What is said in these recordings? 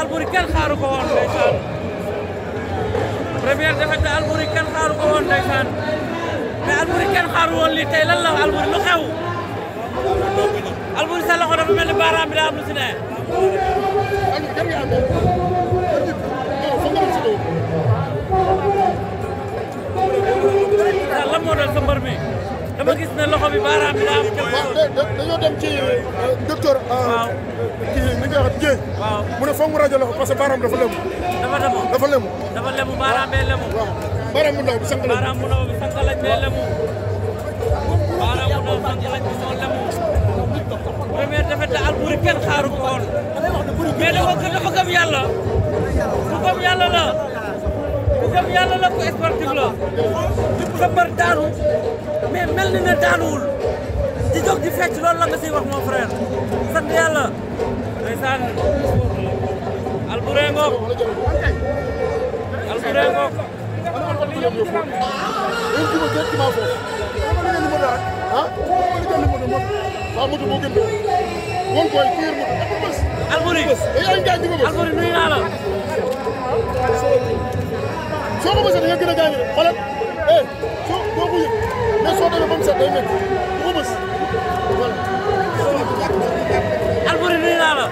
Alboury kenn xaaru ko woon ndeysaan première défaite de Alboury kenn xaaru ko woon ndeysaan mais Alboury kenn xaaru woon lii tey lan la Alboury lu xew Alboury sa loxo dafa mel ni baaraam bi daa am lu si ne lan moo doon sa mbër mi dama gis ne loxo bi baaraam bi dem ci euh, docteur. Euh, waaw kii ni nga wax Dieng. waaw mu ne foog mu rajo loxo parce que baaraam dafa lemu. dafa lemu dafa lemu. dafa lemu baaraam bee lemu. waaw bu ndaw bi sànq bee lemu. defet la Albouri kenn xaaru ko woon mais dafa dafa gëm yàlla ku gëm yàlla la ku gëm yàlla la ku sportif la sa mbër daanu mais mel ni ne daanuwul di jóg di fecc la nga siy wax mon frère sant yàlla ndeysaan Albouri ngoog moom koy tiir mu bës. Albouri Albouri nuyu naa la. soo ko bësee da nga gën a gaañ rek xoolal eh soo doo ko yëg mais soo demee ba mu set day métti bu ko bës voilà. Albouri nuyu naa la.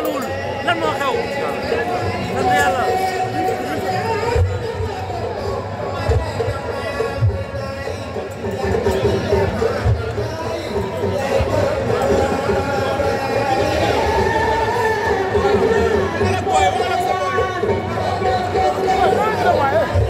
jaaduwul lan moo xew lan la yàlla Come on, come on.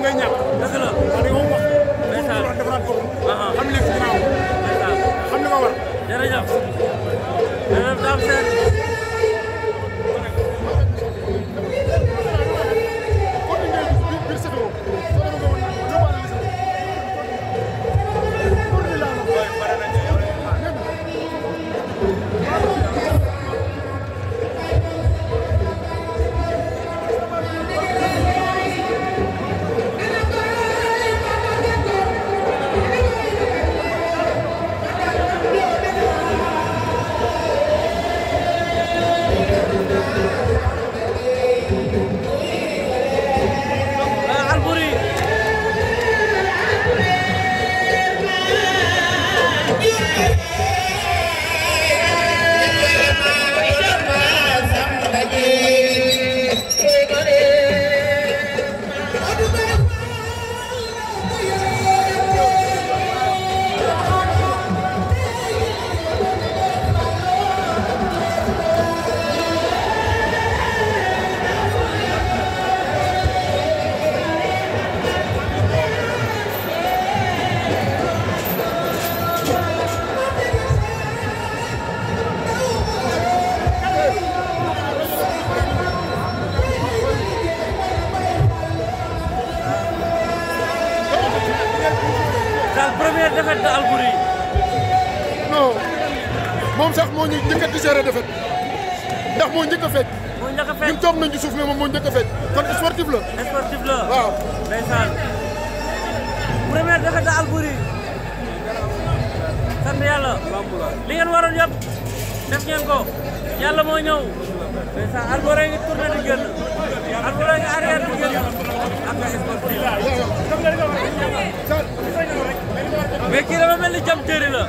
ngay ñàkk dëgg la defet de Albouri non moom sax moo ñu njëkk a digéré defet ndax moo njëkk a fecc moo njëkk a ci suuf mais moom moo njëkk a fecc kon sportif la sportif la waaw ndeysaan première defet de Albouri sant yàlla li ngeen waroon yëpp def ngeen ko yàlla moo ñëw ndeysaan Albouri ngi tourné di ngi arrière di génn ak mais kii dafa mel ni jam tëri la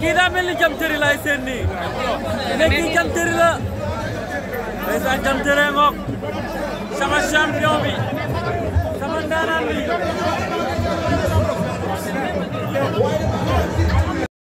kii mel ni jam tëri laay seen nii mais kii la ndeysaan jam tëri sama champion bi sama ndaanaan bi